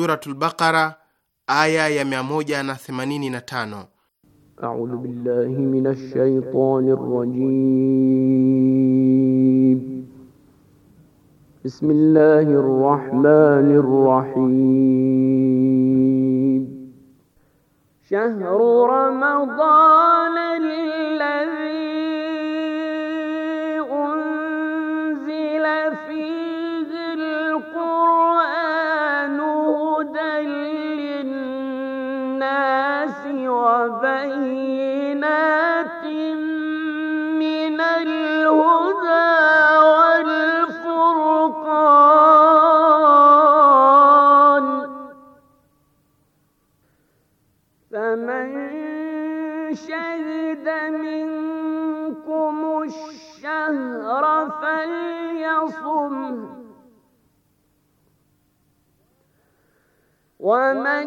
Suratul Baqara aya ya 185. A'udhu billahi minash shaitani rrajim. Bismillahir rahmanir rahim. Shahru ramadana وبينات من الهدى والفرقان فمن شهد منكم الشهر فليصم ومن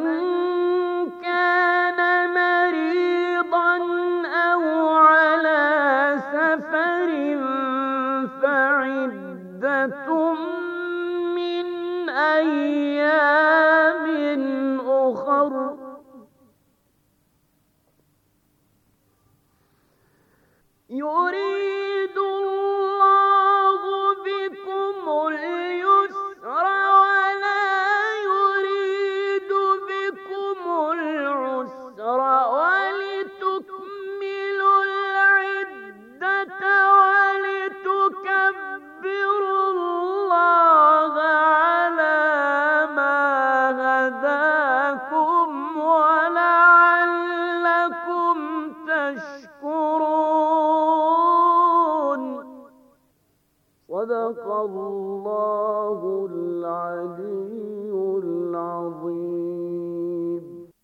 Yuri!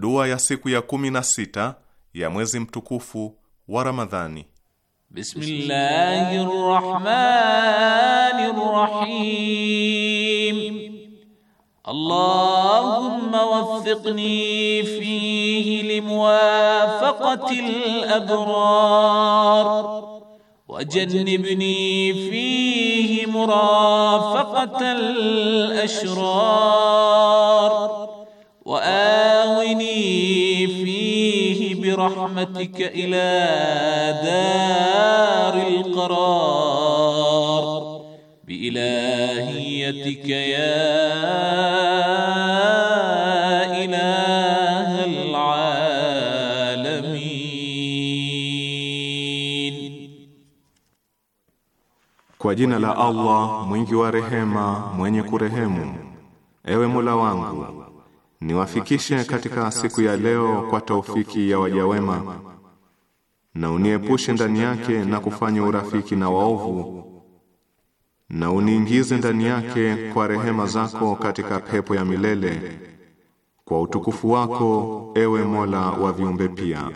Dua ya siku ya kumi na sita ya mwezi mtukufu wa Ramadhani. Bismillahirrahmanirrahim. Allahumma waffiqni fihi limuwafaqatil abrar wajannibni fihi murafaqatal ashrar wa خالدني فيه برحمتك إلى دار القرار بإلهيتك يا إله العالمين Kwa jina la Allah mwingi wa rehema mwenye kurehemu, ewe Mola wangu niwafikishe katika siku ya leo kwa taufiki ya waja wema na uniepushe ndani yake na kufanya urafiki na waovu na uniingize ndani yake kwa rehema zako katika pepo ya milele kwa utukufu wako ewe Mola wa viumbe pia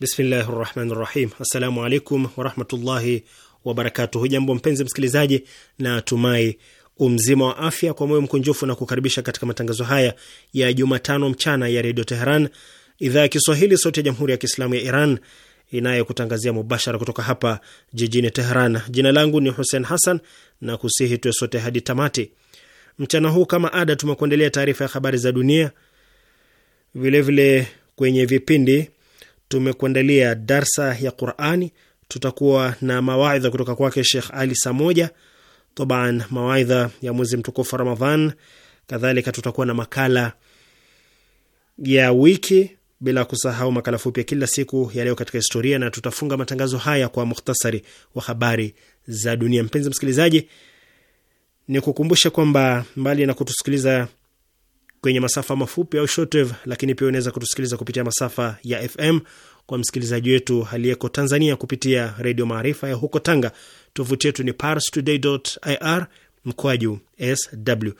Bismillahir Rahmanir Rahim Assalamu alaykum wa rahmatullahi wabarakatu. Hujambo mpenzi msikilizaji, na tumai umzima wa afya kwa moyo mkunjufu na kukaribisha katika matangazo haya ya Jumatano mchana ya Redio Teheran, idhaa ya Kiswahili, sauti ya Jamhuri ya Kiislamu ya Iran inayokutangazia mubashara kutoka hapa jijini Teheran. Jina langu ni Hussein Hassan na kusihi tuwe sote hadi tamati mchana huu. Kama ada, tumekuendelea taarifa ya habari za dunia, vilevile vile kwenye vipindi tumekuandalia darsa ya Qurani tutakuwa na mawaidha kutoka kwake shekh Ali Samoja Toban, mawaidha ya mwezi mtukufu Ramadhan. Kadhalika tutakuwa na makala ya wiki, bila kusahau makala fupi ya kila siku ya leo katika historia, na tutafunga matangazo haya kwa mukhtasari wa habari za dunia. Mpenzi msikilizaji, ni kukumbusha kwamba mbali na kutusikiliza kwenye masafa mafupi au shortwave, lakini pia unaweza kutusikiliza kupitia masafa ya FM kwa msikilizaji wetu aliyeko Tanzania kupitia Redio Maarifa ya huko Tanga. Tovuti yetu ni parstoday.ir mkwaju sw.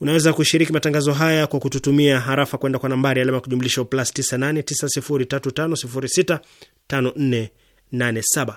Unaweza kushiriki matangazo haya kwa kututumia harafa kwenda kwa nambari alama ya kujumlisha plus 98 9035065487.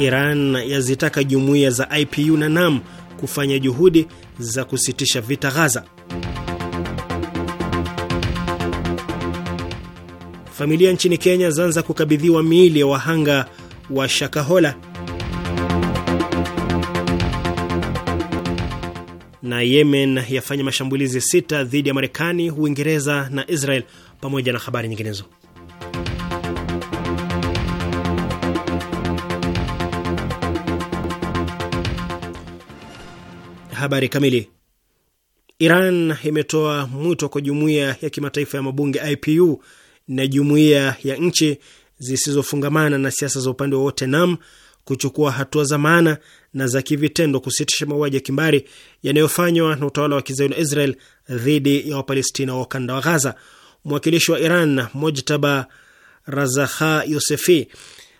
Iran yazitaka jumuiya za IPU na NAM kufanya juhudi za kusitisha vita Ghaza. Familia nchini Kenya zaanza kukabidhiwa miili ya wahanga wa Shakahola. Na Yemen yafanya mashambulizi sita dhidi ya Marekani, Uingereza na Israel pamoja na habari nyinginezo. habari kamili. Iran imetoa mwito kwa jumuiya ya kimataifa ya mabunge IPU na jumuiya ya nchi zisizofungamana na siasa za upande wowote NAM kuchukua hatua za maana na za kivitendo kusitisha mauaji ya kimbari yanayofanywa na utawala wa kizayuni Israel dhidi ya Wapalestina wa ukanda wa Ghaza. Mwakilishi wa Iran Mojtaba Razakha Yosefi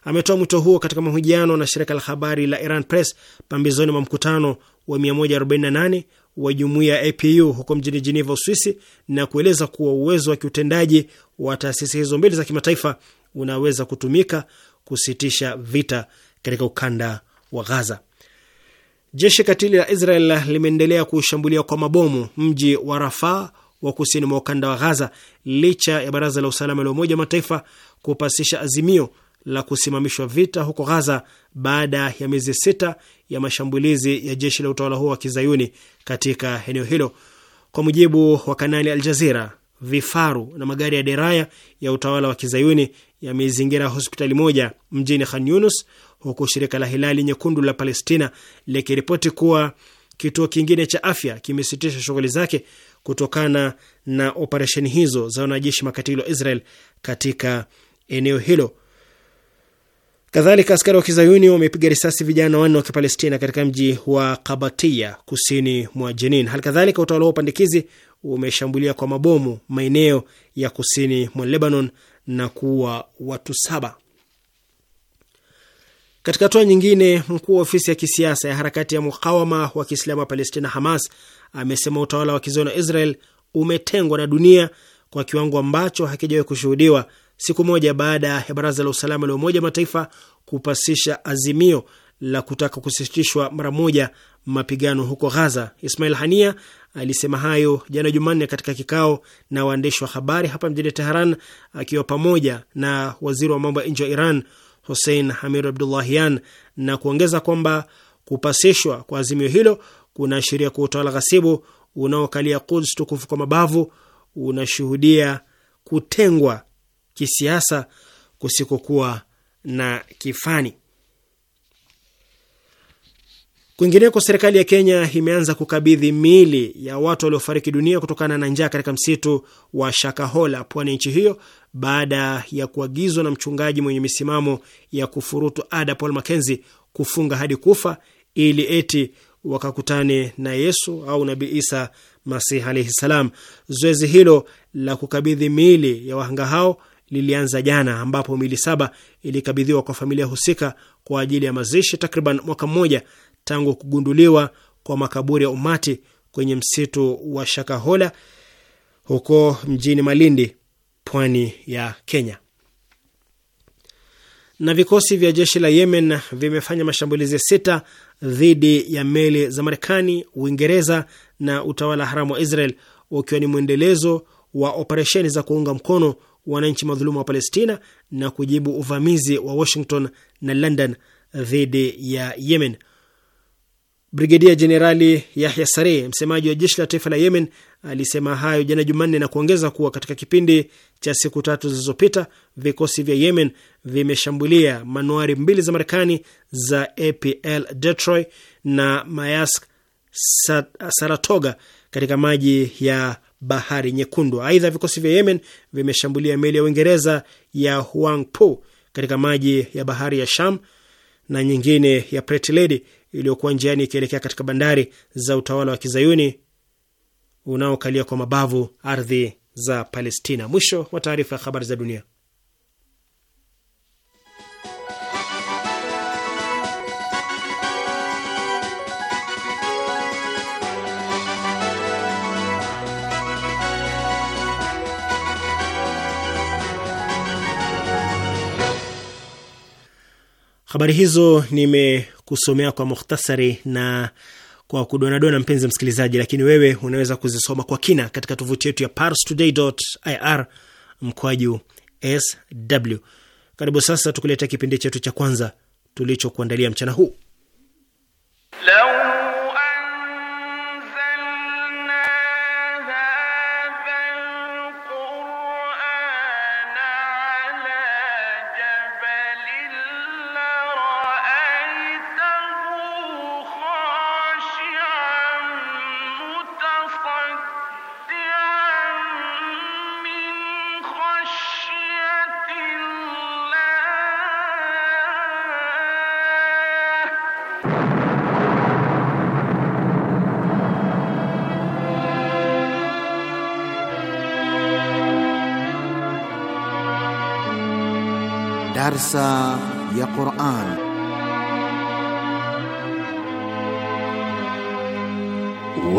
ametoa mwito huo katika mahojiano na shirika la habari la Iran Press pambizoni mwa mkutano wa 148 wa jumuiya ya APU huko mjini Geneva, Uswisi, na kueleza kuwa uwezo wa kiutendaji wa taasisi hizo mbili za kimataifa unaweza kutumika kusitisha vita katika ukanda wa Gaza. Jeshi katili la Israel limeendelea kushambulia kwa mabomu mji wa Rafaa wa kusini mwa ukanda wa Gaza licha ya baraza la usalama la Umoja wa Mataifa kupasisha azimio la kusimamishwa vita huko Gaza baada ya miezi sita ya mashambulizi ya jeshi la utawala huo wa kizayuni katika eneo hilo. Kwa mujibu wa kanali Al Jazira, vifaru na magari ya deraya ya utawala wa kizayuni yameizingira hospitali moja mjini Khan Yunus, huku shirika la Hilali Nyekundu la Palestina likiripoti kuwa kituo kingine cha afya kimesitisha shughuli zake kutokana na operesheni hizo za wanajeshi makatili wa Israel katika eneo hilo. Kadhalika, askari wa kizayuni wamepiga risasi vijana wanne wa kipalestina katika mji wa Kabatia kusini mwa Jenin. Hali kadhalika, utawala wa upandikizi umeshambulia kwa mabomu maeneo ya kusini mwa Lebanon na kuua watu saba. Katika hatua nyingine, mkuu wa ofisi ya kisiasa ya harakati ya mukawama wa kiislamu wa Palestina, Hamas, amesema utawala wa kizayuni wa Israel umetengwa na dunia kwa kiwango ambacho hakijawahi kushuhudiwa siku moja baada ya baraza la usalama la Umoja Mataifa kupasisha azimio la kutaka kusitishwa mara moja mapigano huko Ghaza. Ismail Hania alisema hayo jana Jumanne katika kikao na waandishi wa habari hapa mjini Teheran, akiwa pamoja na waziri wa mambo ya nje wa Iran Hussein Hamir Abdullahian, na kuongeza kwamba kupasishwa kwa azimio hilo kunaashiria kwa utawala ghasibu unaokalia Quds tukufu kwa mabavu unashuhudia kutengwa kisiasa kusikokuwa na kifani. Kwingineko, serikali ya Kenya imeanza kukabidhi miili ya watu waliofariki dunia kutokana na njaa katika msitu wa Shakahola, pwani ya nchi hiyo, baada ya kuagizwa na mchungaji mwenye misimamo ya kufurutu ada Paul makenzi kufunga hadi kufa ili eti wakakutane na Yesu au Nabii Isa Masihi alaihi salam. Zoezi hilo la kukabidhi miili ya wahanga hao lilianza jana, ambapo mili saba ilikabidhiwa kwa familia husika kwa ajili ya mazishi, takriban mwaka mmoja tangu kugunduliwa kwa makaburi ya umati kwenye msitu wa Shakahola huko mjini Malindi, pwani ya Kenya. Na vikosi vya jeshi la Yemen vimefanya mashambulizi sita dhidi ya meli za Marekani, Uingereza na utawala haramu wa Israel, ukiwa ni mwendelezo wa operesheni za kuunga mkono wananchi madhulumu wa Palestina na kujibu uvamizi wa Washington na London dhidi ya Yemen. Brigedia Jenerali Yahya sareh msemaji wa jeshi la taifa la Yemen, alisema hayo jana Jumanne na kuongeza kuwa katika kipindi cha siku tatu zilizopita vikosi vya Yemen vimeshambulia manuari mbili za Marekani za APL Detroit na Mayask Saratoga katika maji ya bahari Nyekundu. Aidha, vikosi vya Yemen vimeshambulia meli ya Uingereza ya huang Po katika maji ya bahari ya Sham na nyingine ya Pretty Lady iliyokuwa njiani ikielekea katika bandari za utawala wa kizayuni unaokalia kwa mabavu ardhi za Palestina. Mwisho wa taarifa ya habari za dunia. Habari hizo nimekusomea kwa mukhtasari na kwa kudonadona, mpenzi msikilizaji, lakini wewe unaweza kuzisoma kwa kina katika tovuti yetu ya parstoday.ir mkwaju sw. Karibu sasa tukuletea kipindi chetu cha kwanza tulichokuandalia mchana huu.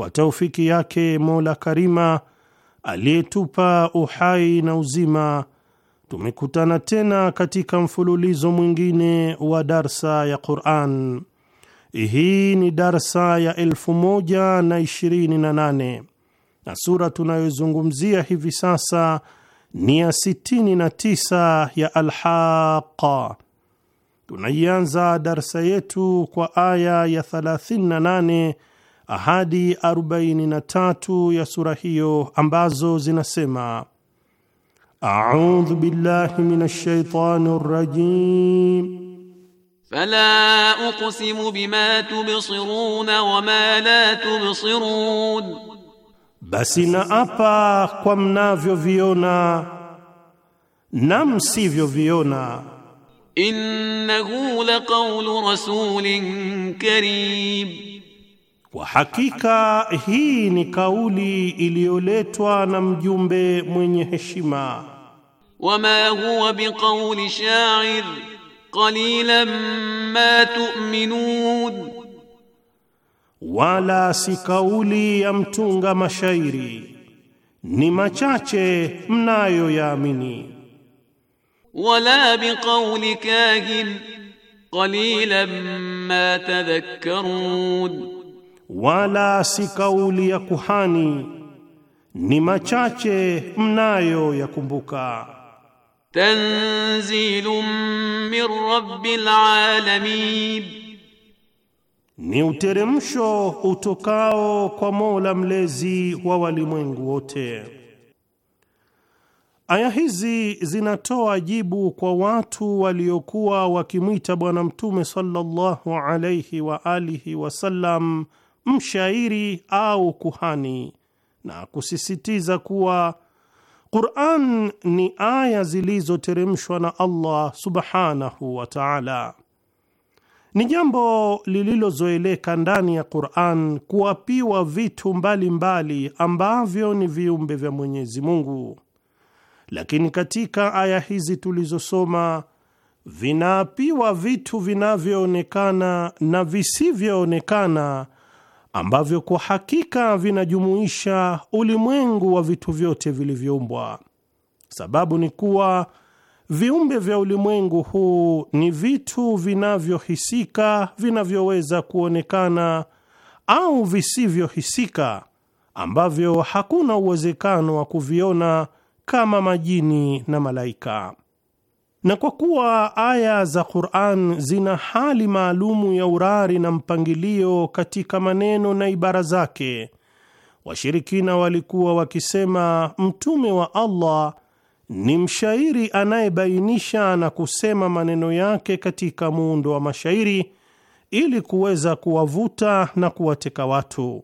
kwa taufiki yake Mola Karima aliyetupa uhai na uzima, tumekutana tena katika mfululizo mwingine wa darsa ya Quran. Hii ni darsa ya elfu moja na ishirini na nane na sura tunayozungumzia hivi sasa ni ya sitini na tisa ya Alhaqa. Tunaianza darsa yetu kwa aya ya 38 ahadi 43 ya sura hiyo ambazo zinasema: audhu billahi minash shaitani rrajim fala uqsimu bima tubsiruna wama la tubsirun, basi naapa kwa mnavyoviona na msivyoviona. Innahu laqawlu rasulin karim kwa hakika hii ni kauli iliyoletwa na mjumbe mwenye heshima. Wama huwa biqauli sha'ir qalilan ma tu'minun, wala si kauli ya mtunga mashairi, ni machache mnayoyaamini. Wala biqauli kahin qalilan ma tadhakkarun wala si kauli ya kuhani, ni machache mnayo kumbuka. Tanzilum min rabbil alamin, ni uteremsho utokao kwa Mola mlezi wa walimwengu wote. Aya hizi zinatoa jibu kwa watu waliokuwa wakimwita Bwana Mtume sallallahu alayhi wa alihi wasallam mshairi au kuhani, na kusisitiza kuwa Qur'an ni aya zilizoteremshwa na Allah subhanahu wa ta'ala. Ni jambo lililozoeleka ndani ya Qur'an kuapiwa vitu mbalimbali mbali ambavyo ni viumbe vya Mwenyezi Mungu, lakini katika aya hizi tulizosoma vinaapiwa vitu vinavyoonekana na visivyoonekana ambavyo kwa hakika vinajumuisha ulimwengu wa vitu vyote vilivyoumbwa. Sababu ni kuwa viumbe vya ulimwengu huu ni vitu vinavyohisika, vinavyoweza kuonekana au visivyohisika, ambavyo hakuna uwezekano wa kuviona kama majini na malaika. Na kwa kuwa aya za Qur'an zina hali maalumu ya urari na mpangilio katika maneno na ibara zake, washirikina walikuwa wakisema mtume wa Allah ni mshairi anayebainisha na kusema maneno yake katika muundo wa mashairi ili kuweza kuwavuta na kuwateka watu,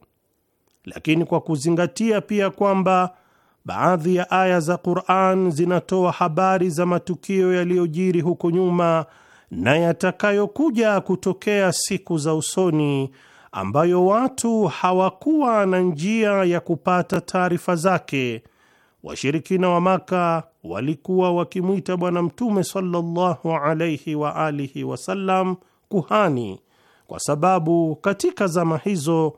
lakini kwa kuzingatia pia kwamba Baadhi ya aya za Qur'an zinatoa habari za matukio yaliyojiri huko nyuma na yatakayokuja kutokea siku za usoni ambayo watu hawakuwa na njia ya kupata taarifa zake. Washirikina wa Maka walikuwa wakimwita Bwana Mtume sallallahu alayhi wa alihi wasallam kuhani, kwa sababu katika zama hizo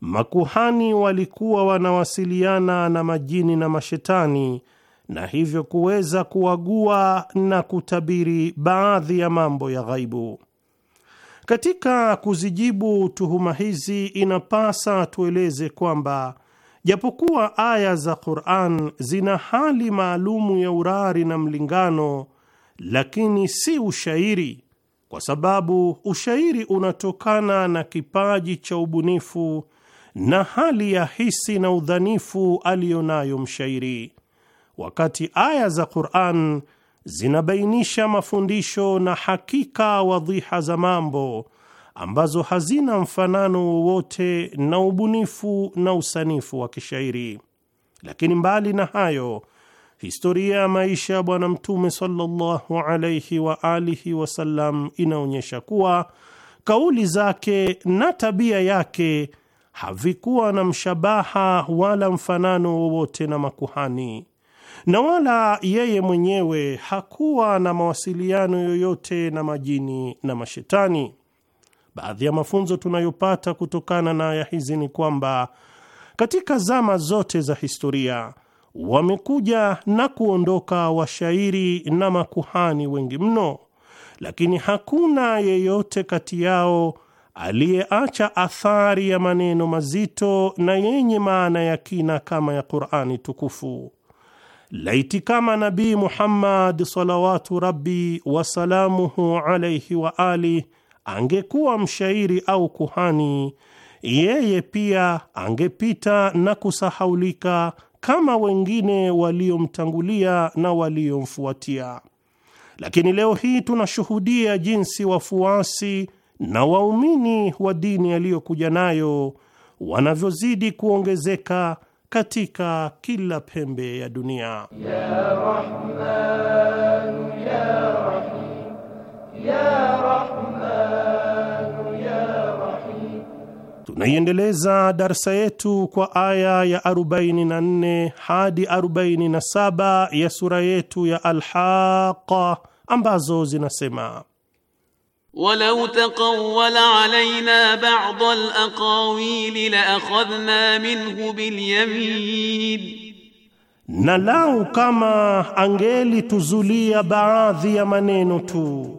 makuhani walikuwa wanawasiliana na majini na mashetani na hivyo kuweza kuagua na kutabiri baadhi ya mambo ya ghaibu. Katika kuzijibu tuhuma hizi, inapasa tueleze kwamba japokuwa aya za Qur'an zina hali maalumu ya urari na mlingano, lakini si ushairi, kwa sababu ushairi unatokana na kipaji cha ubunifu na hali ya hisi na udhanifu aliyonayo mshairi, wakati aya za Qur'an zinabainisha mafundisho na hakika wadhiha za mambo ambazo hazina mfanano wowote na ubunifu na usanifu wa kishairi. Lakini mbali na hayo, historia ya maisha ya Bwana Mtume sallallahu wa alihi wasallam inaonyesha kuwa kauli zake na tabia yake havikuwa na mshabaha wala mfanano wowote na makuhani, na wala yeye mwenyewe hakuwa na mawasiliano yoyote na majini na mashetani. Baadhi ya mafunzo tunayopata kutokana na aya hizi ni kwamba katika zama zote za historia wamekuja na kuondoka washairi na makuhani wengi mno, lakini hakuna yeyote kati yao aliyeacha athari ya maneno mazito na yenye maana ya kina kama ya Qur'ani tukufu. Laiti kama Nabii Muhammad salawatu rabbi wasalamuhu alayhi wa ali angekuwa mshairi au kuhani, yeye pia angepita na kusahaulika kama wengine waliomtangulia na waliomfuatia. Lakini leo hii tunashuhudia jinsi wafuasi na waumini wa dini aliyokuja nayo wanavyozidi kuongezeka katika kila pembe ya dunia ya Rahman, ya Rahim, ya Rahman, ya Rahim. Tunaiendeleza darsa yetu kwa aya ya 44 hadi 47 ya sura yetu ya Alhaqa ambazo zinasema ولو تقول علينا بعض الأقاويل لأخذنا منه باليمين na lau kama angelituzulia baadhi ya maneno tu,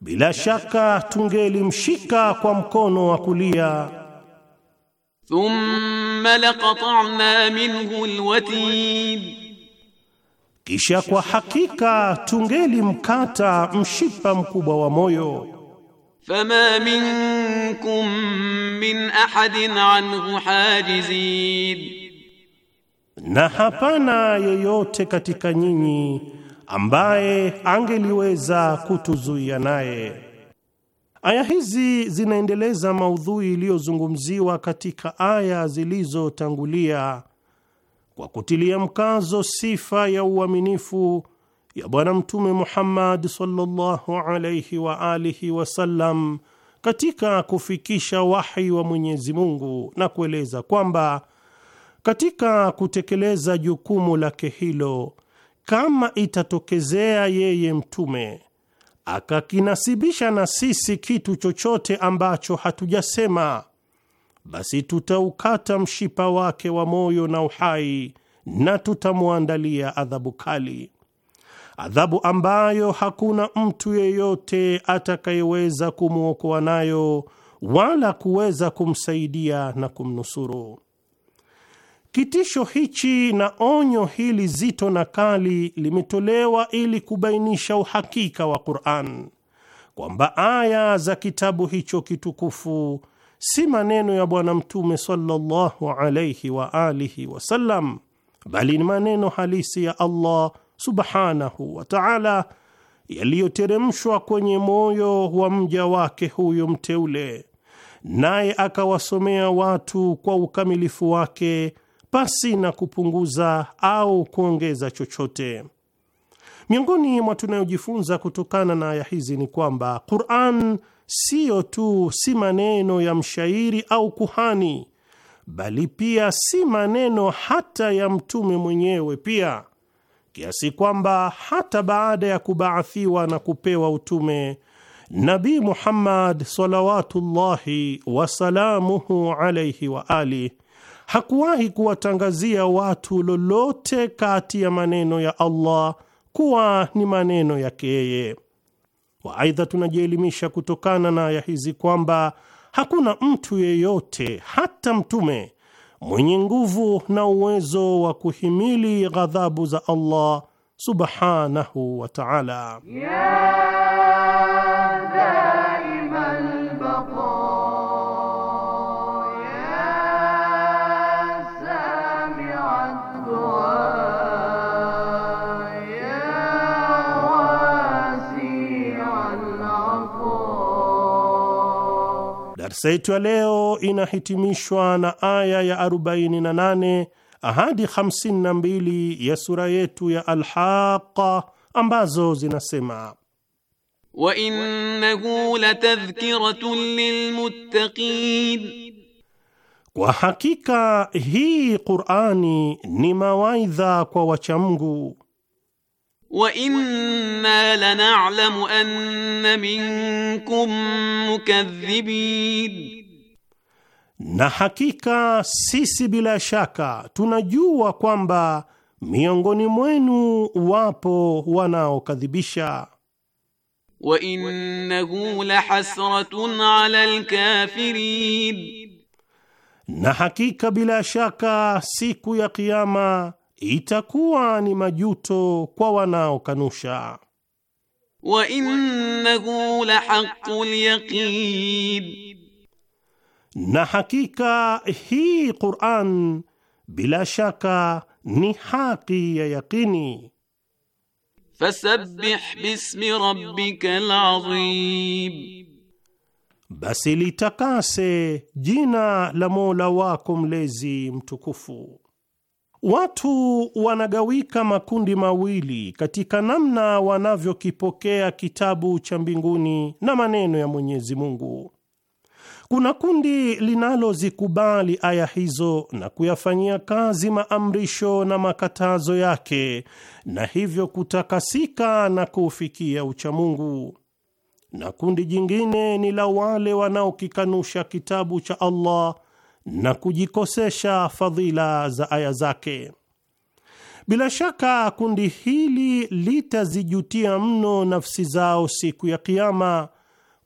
bila shaka tungelimshika kwa mkono wa kulia. Thumma laqata'na minhu alwatid kisha kwa hakika tungelimkata mshipa mkubwa wa moyo. Fama minkum min ahadin anhu hajizin, na hapana yeyote katika nyinyi ambaye angeliweza kutuzuia naye. Aya hizi zinaendeleza maudhui iliyozungumziwa katika aya zilizotangulia kwa kutilia mkazo sifa ya uaminifu ya Bwana Mtume Muhammad sallallahu alayhi wa alihi wasallam katika kufikisha wahi wa Mwenyezi Mungu na kueleza kwamba katika kutekeleza jukumu lake hilo, kama itatokezea yeye mtume akakinasibisha na sisi kitu chochote ambacho hatujasema basi tutaukata mshipa wake wa moyo na uhai na tutamwandalia adhabu kali, adhabu ambayo hakuna mtu yeyote atakayeweza kumwokoa nayo wala kuweza kumsaidia na kumnusuru. Kitisho hichi na onyo hili zito na kali limetolewa ili kubainisha uhakika wa Qur'an kwamba aya za kitabu hicho kitukufu si maneno ya Bwana Mtume sallallahu alayhi wa alihi wasallam, bali ni maneno halisi ya Allah subhanahu wa ta'ala yaliyoteremshwa kwenye moyo wa mja wake huyo mteule, naye akawasomea watu kwa ukamilifu wake pasi na kupunguza au kuongeza chochote. Miongoni mwa tunayojifunza kutokana na aya hizi ni kwamba Qur'an siyo tu si maneno ya mshairi au kuhani, bali pia si maneno hata ya mtume mwenyewe pia, kiasi kwamba hata baada ya kubaathiwa na kupewa utume Nabi Muhammad salawatullahi wasalamuhu alaihi wa ali hakuwahi kuwatangazia watu lolote kati ya maneno ya Allah kuwa ni maneno yake yeye wa. Aidha, tunajielimisha kutokana na aya hizi kwamba hakuna mtu yeyote, hata mtume mwenye nguvu na uwezo wa kuhimili ghadhabu za Allah subhanahu wa ta'ala, yeah. Darsa yetu ya leo inahitimishwa na aya ya 48 ahadi 52 ya sura yetu ya Alhaqa ambazo zinasema wa innahu latadhkiratun lilmuttaqin, kwa hakika hii Qur'ani ni mawaidha kwa wachamgu wa inna lana'lamu anna minkum mukadhibin, na hakika sisi bila shaka tunajua kwamba miongoni mwenu wapo wanaokadhibisha. wa innahu lahasratun ala alkafirin, na hakika bila shaka siku ya Kiyama itakuwa ni majuto kwa wanaokanusha. Wa innahu lahaqqul yaqin, na hakika hii Qur'an bila shaka ni haki ya yaqini. Fasabbih bismi rabbikal azim, basi litakase jina la Mola wako mlezi mtukufu. Watu wanagawika makundi mawili katika namna wanavyokipokea kitabu cha mbinguni na maneno ya Mwenyezi Mungu. Kuna kundi linalozikubali aya hizo na kuyafanyia kazi maamrisho na makatazo yake, na hivyo kutakasika na kuufikia uchamungu, na kundi jingine ni la wale wanaokikanusha kitabu cha Allah na kujikosesha fadhila za aya zake. Bila shaka kundi hili litazijutia mno nafsi zao siku ya Kiama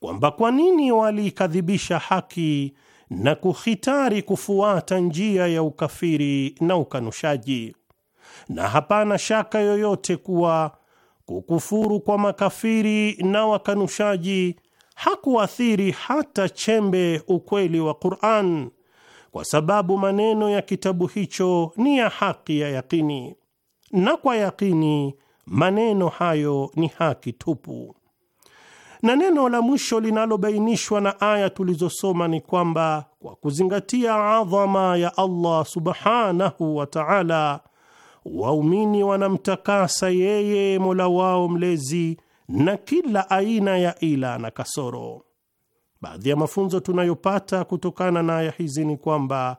kwamba kwa nini walikadhibisha haki na kuhitari kufuata njia ya ukafiri na ukanushaji. Na hapana shaka yoyote kuwa kukufuru kwa makafiri na wakanushaji hakuathiri hata chembe ukweli wa Qur'an kwa sababu maneno ya kitabu hicho ni ya haki ya yakini, na kwa yakini maneno hayo ni haki tupu. Na neno la mwisho linalobainishwa na aya tulizosoma ni kwamba kwa kuzingatia adhama ya Allah subhanahu wa ta'ala, waumini wanamtakasa yeye Mola wao mlezi na kila aina ya ila na kasoro. Baadhi ya mafunzo tunayopata kutokana na aya hizi ni kwamba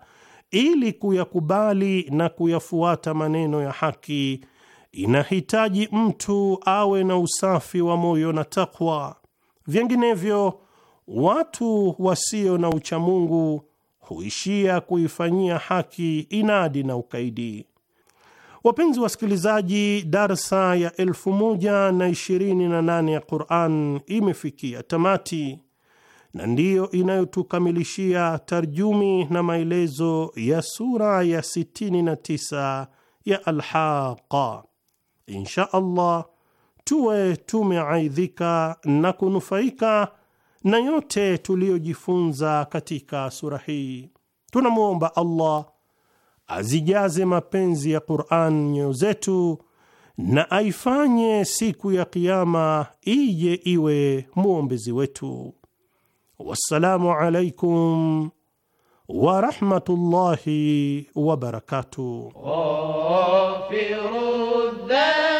ili kuyakubali na kuyafuata maneno ya haki inahitaji mtu awe na usafi wa moyo na takwa, vinginevyo watu wasio na uchamungu huishia kuifanyia haki inadi na ukaidi. Wapenzi wasikilizaji, darsa ya elfu moja na ishirini na nane ya Quran imefikia tamati na ndiyo inayotukamilishia tarjumi na maelezo ya sura ya 69 ya Alhaqa. Insha Allah tuwe tumeaidhika na kunufaika na yote tuliyojifunza katika sura hii. Tunamwomba Allah azijaze mapenzi ya Qur'an nyoyo zetu na aifanye siku ya Kiyama ije iwe mwombezi wetu. والسلام عليكم ورحمة الله وبركاته غافر الذنب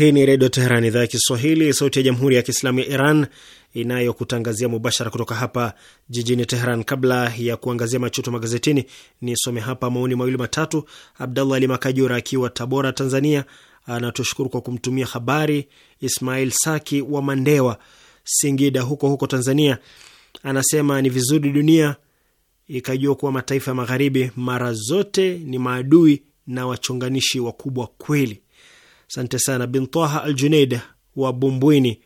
Hii ni Redio Teheran, idhaa ya Kiswahili, sauti ya Jamhuri ya Kiislamu ya Iran inayokutangazia mubashara kutoka hapa jijini Teheran. Kabla ya kuangazia machuto magazetini, nisome hapa maoni mawili matatu. Abdallah Ali Makajura akiwa Tabora, Tanzania, anatushukuru kwa kumtumia habari. Ismail Saki wa Mandewa, Singida, huko huko Tanzania, anasema ni vizuri dunia ikajua kuwa mataifa ya magharibi mara zote ni maadui na wachonganishi wakubwa kweli. Asante sana. Bintaha Al Juneid wa Bumbwini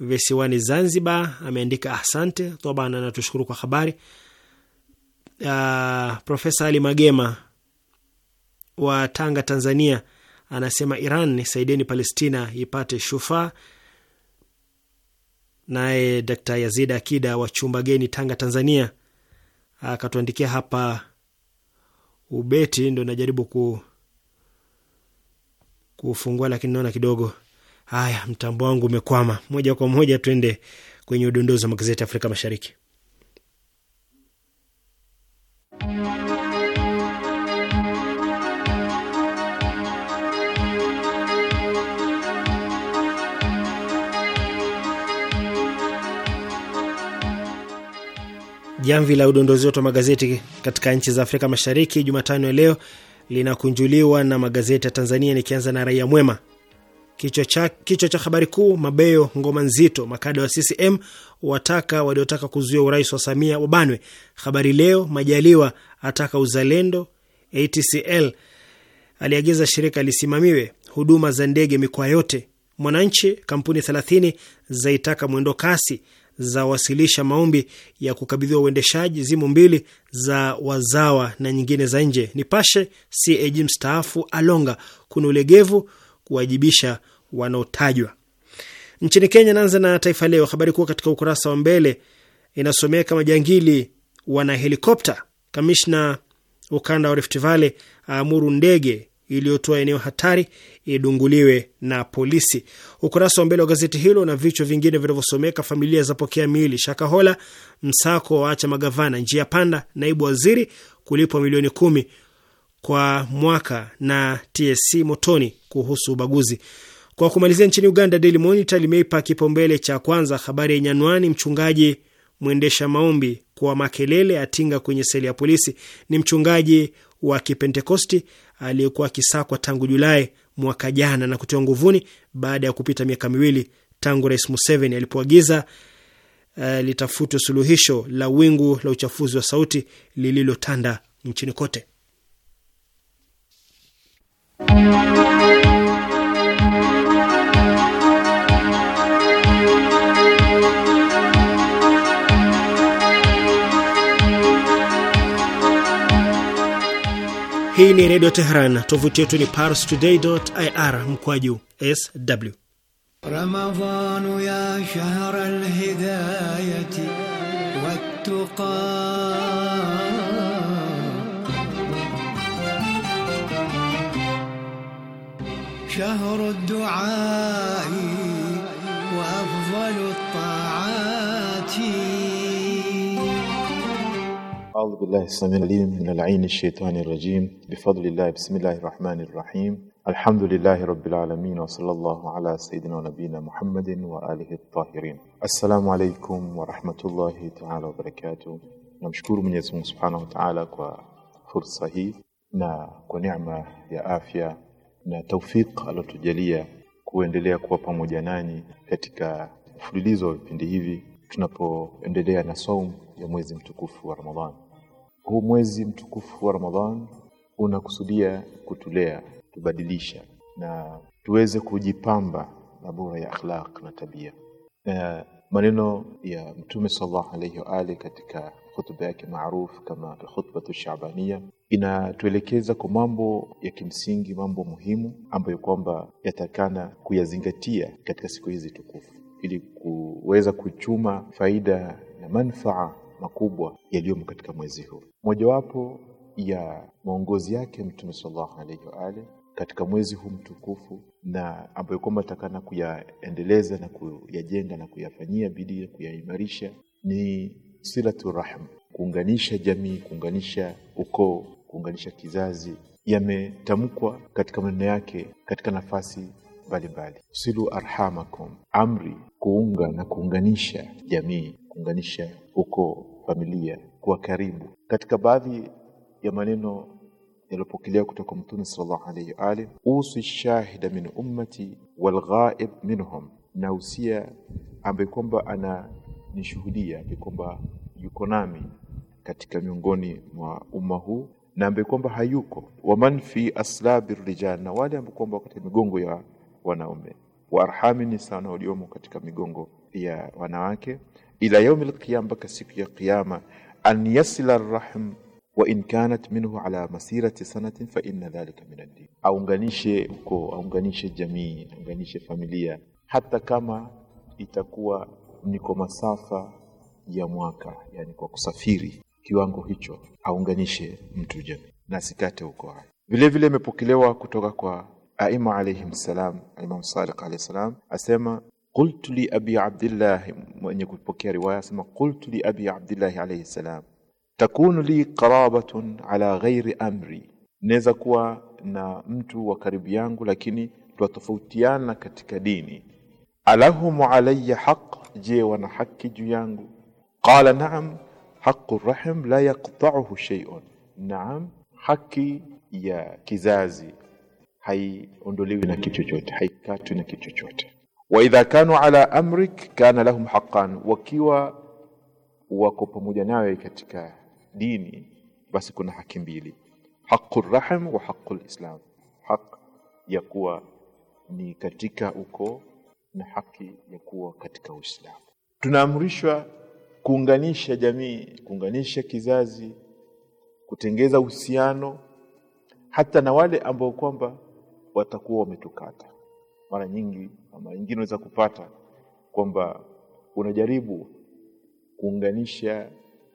visiwani Zanzibar ameandika asante tobana, natushukuru kwa habari. Uh, Profesa Ali Magema wa Tanga, Tanzania anasema Iran saidieni Palestina ipate shufaa. Naye Dr. Yazid Akida wa chumba geni Tanga, Tanzania akatuandikia hapa ubeti, ndo najaribu ku kufungua, lakini naona kidogo haya, mtambo wangu umekwama. Moja kwa moja twende kwenye udondozi wa magazeti ya Afrika Mashariki. Jamvi la udondozi wetu wa magazeti katika nchi za Afrika Mashariki Jumatano ya leo linakunjuliwa na magazeti ya Tanzania, nikianza na Raia Mwema. Kichwa cha, kichwa cha habari kuu, Mabeyo ngoma nzito, makada wa CCM wataka waliotaka kuzuia urais wa Samia wabanwe. Habari Leo, Majaliwa ataka uzalendo. ATCL aliagiza shirika lisimamiwe huduma za ndege mikoa yote. Mwananchi, kampuni 30 zaitaka mwendo kasi za wasilisha maombi ya kukabidhiwa uendeshaji zimo mbili za wazawa na nyingine za nje. Nipashe CAG e mstaafu alonga kuna ulegevu kuwajibisha wanaotajwa nchini Kenya. Naanza na Taifa Leo, habari kuwa katika ukurasa wa mbele inasomeka majangili wana helikopta. Kamishna ukanda wa Rift Valley aamuru ndege iliyotoa eneo hatari idunguliwe na polisi. Ukurasa wa mbele wa gazeti hilo na vichwa vingine vinavyosomeka: familia zapokea miili, Shakahola msako waacha magavana, njia panda, naibu waziri kulipwa milioni kumi kwa mwaka, na TSC motoni kuhusu ubaguzi. Kwa kumalizia, nchini Uganda, Daily Monitor limeipa kipaumbele cha kwanza habari yenye anwani mchungaji mwendesha maombi kwa makelele atinga kwenye seli ya polisi. Ni mchungaji wa Kipentekosti aliyekuwa akisakwa tangu Julai mwaka jana na kutiwa nguvuni baada ya kupita miaka miwili tangu Rais Museveni alipoagiza uh, litafutwe suluhisho la wingu la uchafuzi wa sauti lililotanda nchini kote. Hii ni Redio Teheran. Tovuti yetu ni parstoday.ir mkwaju sw. Ramadhanu ya shahr alhidayati wattuqa shahru dua أعوذ بالله السميع العليم من العين الشيطان الرجيم بفضل الله بسم الله الرحمن الرحيم الحمد لله رب العالمين وصلى الله على سيدنا ونبينا محمد وآله الطاهرين السلام عليكم ورحمة الله تعالى وبركاته نمشكور من يسمو سبحانه وتعالى kwa fursa hii na kwa neema ya afya na taufiq alotujalia kuendelea kuwa pamoja nanyi katika mfululizo wa vipindi hivi tunapoendelea na saumu ya mwezi mtukufu wa Ramadhani. Huu mwezi mtukufu wa Ramadhan unakusudia kutulea, tubadilisha na tuweze kujipamba na bora ya akhlaq na tabia. Na maneno ya Mtume sallallahu alaihi wa alihi katika khutba yake maarufu kama alkhutbatu shabania inatuelekeza kwa mambo ya kimsingi, mambo muhimu ambayo kwamba yatakana kuyazingatia katika siku hizi tukufu ili kuweza kuchuma faida na manfaa makubwa yaliyomo katika mwezi huu. Mojawapo ya maongozi yake Mtume sallallahu alaihi wa katika mwezi huu mtukufu na ambayo kwamba atakana kuyaendeleza na kuyajenga na kuyafanyia bidii na kuyaimarisha ni silatu rahma, kuunganisha jamii, kuunganisha ukoo, kuunganisha kizazi. Yametamkwa katika maneno yake katika nafasi mbalimbali, silu arhamakum, amri kuunga na kuunganisha jamii, kuunganisha ukoo familia, kuwa karibu. Katika baadhi ya maneno yaliyopokelewa kutoka Mtume sallallahu alayhi wa alihi, usi shahida min ummati walghaib minhum, na usia ambaye kwamba ananishuhudia, ambaye kwamba yuko nami katika miongoni mwa umma huu na ambaye kwamba hayuko, waman fi aslabi rijal, na wale ambao kwamba katika migongo ya wanaume, wa sana waliomo katika migongo ya wanawake ila yaumi lqiyama, mpaka siku ya Qiyama. an yasila rahim wa in kanat minhu ala masirati sanatin fa inna dhalika min ad-din, aunganishe uko aunganishe jamii, aunganishe familia, hata kama itakuwa ni kwa masafa ya mwaka, yani kwa kusafiri kiwango hicho, aunganishe mtu jamii na sikate ukoo Vile Vilevile imepokelewa kutoka kwa aima alaihim salam, Imam Sadiq alayhi salam asema qultu li abi abdillah, mwenye kupokea riwaya asema qultu li abi abdillahi alayhi salam, takunu li qarabatun ala ghairi amri, naweza kuwa na mtu wa karibu yangu, lakini twatofautiana katika dini. alahum alayya haq, je wana haki juu yangu? qala naam, haqu rahim la yaqta'uhu shay'un, naam, haki ya kizazi haiondolewi na kitu chochote, haikatwi na kitu chochote wa idha kanu ala amrik kana lahum haqqan, wakiwa wako pamoja nawe katika dini, basi kuna haki mbili, haqu rahim wa haqu lislam, haq ya kuwa ni katika ukoo na haki ya kuwa katika Uislamu. Tunaamrishwa kuunganisha jamii, kuunganisha kizazi, kutengeza uhusiano hata na wale ambao kwamba watakuwa wametukata mara nyingi na mara nyingine unaweza kupata kwamba unajaribu kuunganisha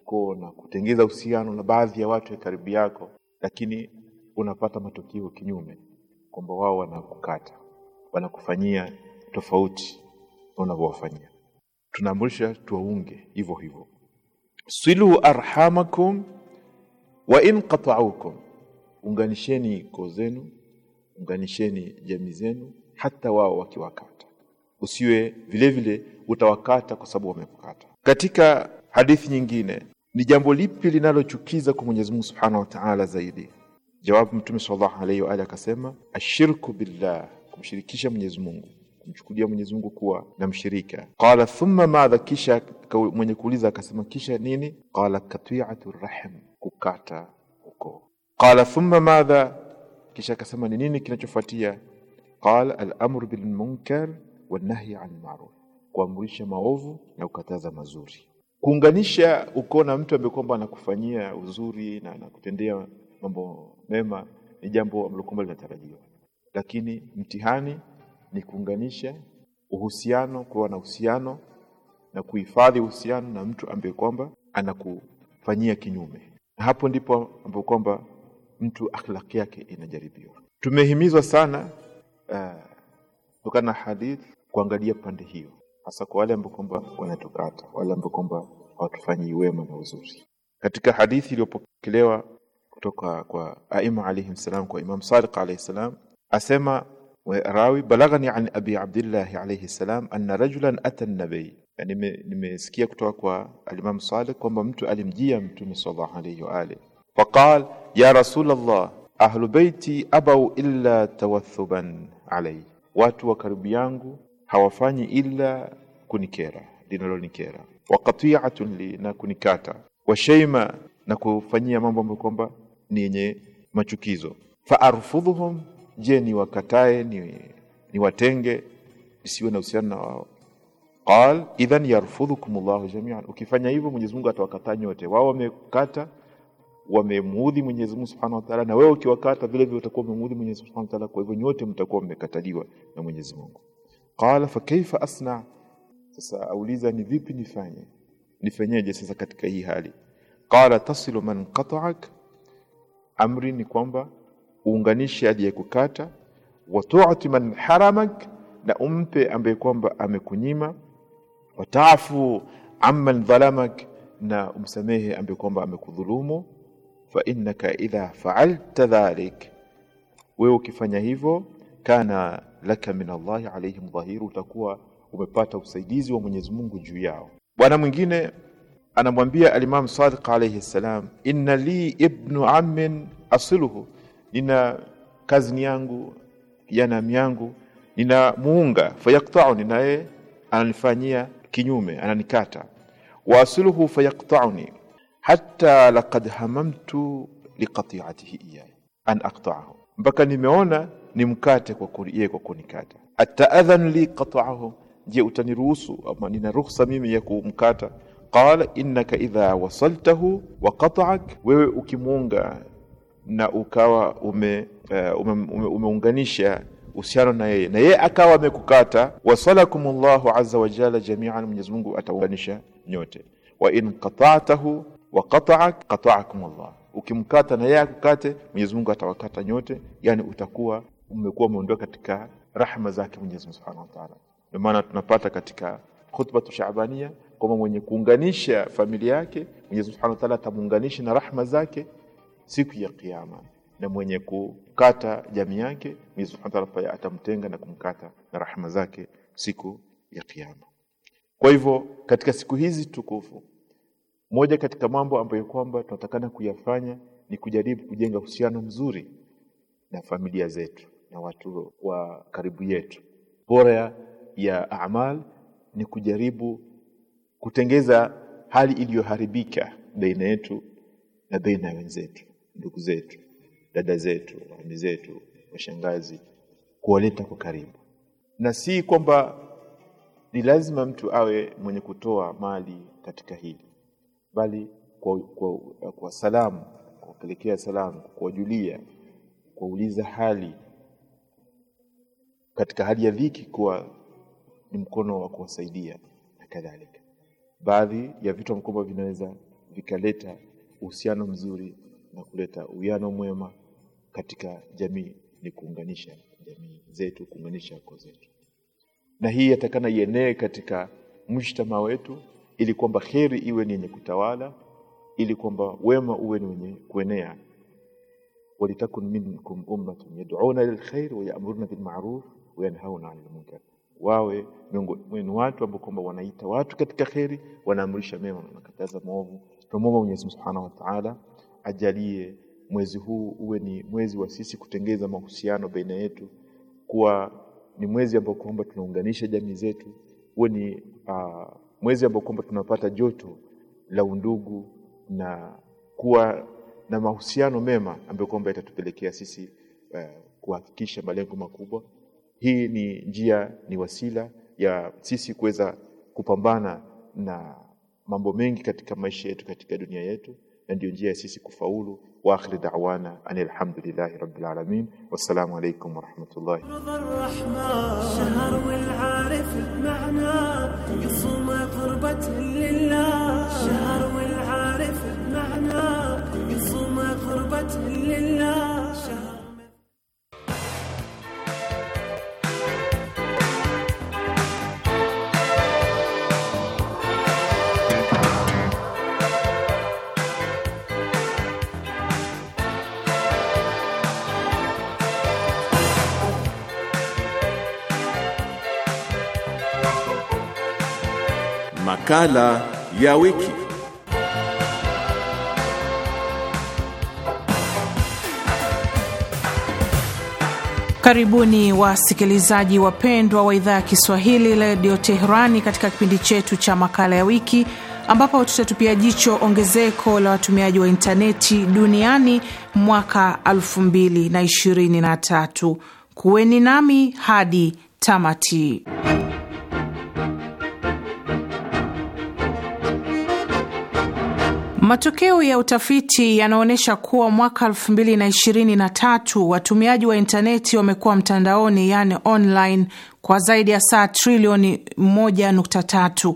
koo na kutengeza uhusiano na baadhi ya watu ya karibu yako, lakini unapata matokeo kinyume, kwamba wao wanakukata, wanakufanyia tofauti na unavyowafanyia. Tunaamrisha tuwaunge hivyo hivyo, silu arhamakum wa in qataukum, unganisheni koo zenu, unganisheni jamii zenu hata wao wakiwakata, usiwe vile vile utawakata kwa sababu wamekukata. Katika hadithi nyingine, ni jambo lipi linalochukiza kwa Mwenyezi Mungu Subhanahu wa Ta'ala zaidi? Jawabu, Mtume sallallahu alayhi wa alihi akasema, ashirku billah, kumshirikisha Mwenyezi Mungu, kumchukulia Mwenyezi Mungu kuwa na mshirika. Qala thumma madha, kisha mwenye kuuliza akasema, kisha nini? Qala katiatu rahim, kukata ukoo. Qala thumma madha, kisha akasema, ni nini kinachofuatia? Qala al-amru bil munkar an anil ma'ruf, kuamrisha maovu na kukataza mazuri. Kuunganisha uko na mtu ambaye kwamba anakufanyia uzuri na anakutendea mambo mema ni jambo ambalo kwamba linatarajiwa, lakini mtihani ni kuunganisha uhusiano, kuwa na uhusiano na kuhifadhi uhusiano na mtu ambaye kwamba anakufanyia kinyume, na hapo ndipo ambapo kwamba mtu akhlaki yake inajaribiwa. Tumehimizwa sana kutokana eh, na hadith kuangalia pande hiyo, hasa kwa wale ambao kwamba wanatukata, wale ambao kwamba hawatufanyii wema na uzuri. Katika hadithi iliyopokelewa kutoka kwa aima alayhi salam, kwa Imam Sadiq alayhi salam asema rawi balaghani an abi abdillahi alayhi salam anna rajulan ata yani eh, nimesikia kutoka kwa alimam Sadiq kwamba mtu alimjia mtume sallallahu alayhi wa alihi faqala ya rasul Allah ahlu baiti abau illa tawathuban alaihi, watu wa karibu yangu hawafanyi ila kunikera linalonikera, qati'atun li, na kunikata, washaima, na kufanyia mambo ambayo kwamba ni yenye machukizo. fa arfudhuhum je niwakatae, niwatenge, ni isiwe na uhusiano na wao Qal idhan yarfudhukum llahu jamian, ukifanya hivyo Mwenyezi Mungu atawakataa nyote. Wao wamekata, wamemuudhi Mwenyezi Mungu Subhanahu wa Ta'ala, na wewe ukiwakata vile vile utakuwa umemuudhi Mwenyezi Mungu Subhanahu wa Ta'ala. Kwa hivyo nyote mtakuwa mmekataliwa na Mwenyezi Mungu. Qala fa kaifa asna, sasa auliza ni vipi nifanye, nifanyeje sasa katika hii hali? Qala tasilu man qata'ak, amri ni kwamba uunganishe aliyekukata, wa tu'ti man haramak, na umpe ambaye kwamba amekunyima, wa wataafu amman dhalamak, na umsamehe ambaye kwamba amekudhulumu fa innaka idha fa'alta dhalik, wewe ukifanya hivyo, kana laka min Allahi alayhim dhahiru, utakuwa umepata usaidizi wa Mwenyezi Mungu juu yao. Bwana mwingine anamwambia alimam Sadiq alayhi salam, inna li ibnu ammin asiluhu, nina kazini yangu yanami yangu nina muunga fayaqta'uni, naye ananifanyia kinyume, ananikata. Waasiluhu fayaqta'uni hata laqad hamamtu liqati'atihi iyaya an aqta'ahu, mpaka nimeona ni mkate kwa yeye kwa kunikata. Ataadhan li qata'ahu, je utaniruhusu ama nina ruhusa mimi ya kumkata? Qala innaka idha wasaltahu wa qata'ak, wewe ukimuunga na ukawa ume, uh, umeunganisha ume, ume, umeunganisha uhusiano na yeye na yeye akawa amekukata, wasalakumullahu azza wa jalla jami'an, Mwenyezi Mungu ataunganisha nyote. Wa in qata'tahu waqata'ak qata'akum Allah, ukimkata na yeye akukate, Mwenyezi Mungu atawakata nyote, yani utakuwa umekuwa umeondoka katika rahma zake Mwenyezi Mungu Subhanahu wa Ta'ala. Ndio maana tunapata katika khutba tu Shaabania kwamba mwenye kuunganisha familia yake Mwenyezi Mungu Subhanahu wa Ta'ala atamuunganisha na rahma zake siku ya Kiyama, na mwenye kukata jamii yake Mwenyezi Mungu Subhanahu wa Ta'ala atamtenga na kumkata na rahma zake siku ya Kiyama. Kwa hivyo katika siku hizi tukufu moja katika mambo ambayo kwamba tunatakana kuyafanya ni kujaribu kujenga uhusiano mzuri na familia zetu na watu wa karibu yetu. Bora ya amal ni kujaribu kutengeza hali iliyoharibika baina yetu na baina ya wenzetu, ndugu zetu, dada zetu, ami zetu, washangazi, kuwaleta kwa karibu, na si kwamba ni lazima mtu awe mwenye kutoa mali katika hili bali kwa, kwa, kwa salamu kuwapelekea salamu, kuwajulia, kuwauliza hali katika hali ya dhiki, kuwa ni mkono wa kuwasaidia na kadhalika. Baadhi ya vitu mkomba vinaweza vikaleta uhusiano mzuri na kuleta uwiano mwema katika jamii, ni kuunganisha jamii zetu, kuunganisha ko zetu, na hii yatakana ienee katika mshtama wetu ili kwamba kheri iwe ni yenye kutawala, ili kwamba wema uwe ni wenye kuenea. Walitakun minkum ummatun yad'una ila alkhair wa ya'muruna bil ma'ruf wa yanhauna 'anil munkar, wawe miongoni mwenu watu ambao kwamba wanaita watu katika kheri, wanaamrisha mema na wanakataza maovu. Tunamwomba Mwenyezi Mungu Subhanahu wa Ta'ala ajalie mwezi huu uwe ni mwezi wa sisi kutengeza mahusiano baina yetu, kuwa ni mwezi ambao kwamba tunaunganisha jamii zetu, uwe ni uh, mwezi ambao kwamba tunapata joto la undugu na kuwa na mahusiano mema ambayo kwamba itatupelekea sisi uh, kuhakikisha malengo makubwa. Hii ni njia, ni wasila ya sisi kuweza kupambana na mambo mengi katika maisha yetu, katika dunia yetu, na ndio njia ya sisi kufaulu. Wa akhir da'wana anil hamdulillahi rabbil alamin, wassalamu alaykum wa rahmatullahi قربة لله شهر Makala ya wiki. Karibuni wasikilizaji wapendwa wa idhaa ya Kiswahili redio Teherani katika kipindi chetu cha makala ya wiki ambapo tutatupia jicho ongezeko la watumiaji wa intaneti duniani mwaka 2023. Kuweni nami hadi tamati. Matokeo ya utafiti yanaonyesha kuwa mwaka 2023 watumiaji wa intaneti wamekuwa mtandaoni, yani online, kwa zaidi ya saa trilioni 1.3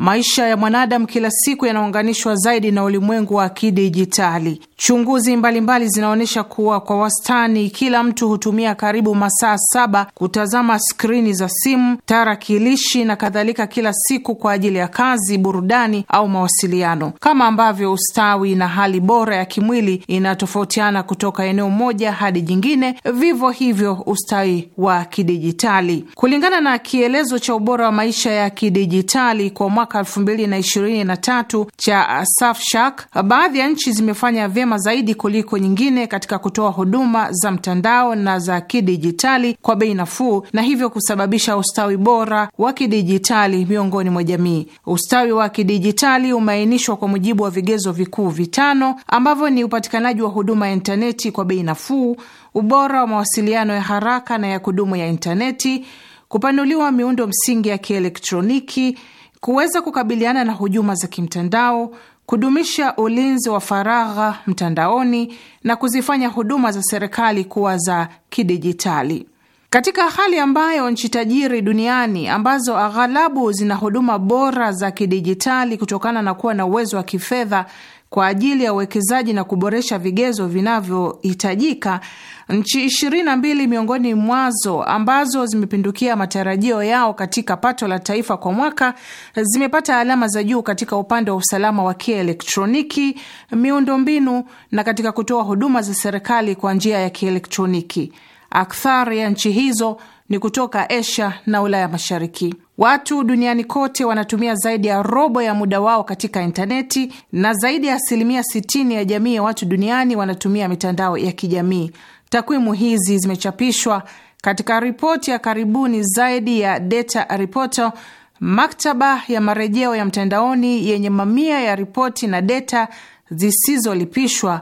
Maisha ya mwanadamu kila siku yanaunganishwa zaidi na ulimwengu wa kidijitali. Chunguzi mbalimbali zinaonyesha kuwa kwa wastani kila mtu hutumia karibu masaa saba kutazama skrini za simu, tarakilishi na kadhalika kila siku kwa ajili ya kazi, burudani au mawasiliano. Kama ambavyo ustawi na hali bora ya kimwili inatofautiana kutoka eneo moja hadi jingine, vivyo hivyo ustawi wa kidijitali. Kulingana na kielezo cha ubora wa maisha ya kidijitali kwa mwaka mwaka elfu mbili na ishirini na tatu cha Safshak, baadhi ya nchi zimefanya vyema zaidi kuliko nyingine katika kutoa huduma za mtandao na za kidijitali kwa bei nafuu na hivyo kusababisha ustawi bora wa kidijitali miongoni mwa jamii. Ustawi wa kidijitali umeainishwa kwa mujibu wa vigezo vikuu vitano ambavyo ni upatikanaji wa huduma ya intaneti kwa bei nafuu, ubora wa mawasiliano ya haraka na ya kudumu ya intaneti, kupanuliwa miundo msingi ya kielektroniki kuweza kukabiliana na hujuma za kimtandao, kudumisha ulinzi wa faragha mtandaoni na kuzifanya huduma za serikali kuwa za kidijitali. Katika hali ambayo nchi tajiri duniani ambazo aghalabu zina huduma bora za kidijitali kutokana na kuwa na uwezo wa kifedha kwa ajili ya uwekezaji na kuboresha vigezo vinavyohitajika nchi mbili miongoni mwazo ambazo zimepindukia matarajio yao katika pato la taifa kwa mwaka zimepata alama za juu katika upande wa usalama wa kielektroniki, miundombinu na katika kutoa huduma za serikali kwa njia ya kielektroniki. Akthari ya nchi hizo ni kutoka Asia na Ulaya Mashariki. Watu duniani kote wanatumia zaidi ya robo ya muda wao katika intaneti na zaidi ya asilimia 60 ya jamii ya watu duniani wanatumia mitandao ya kijamii. Takwimu hizi zimechapishwa katika ripoti ya karibuni zaidi ya Data Reporter, maktaba ya marejeo ya mtandaoni yenye mamia ya ripoti na data zisizolipishwa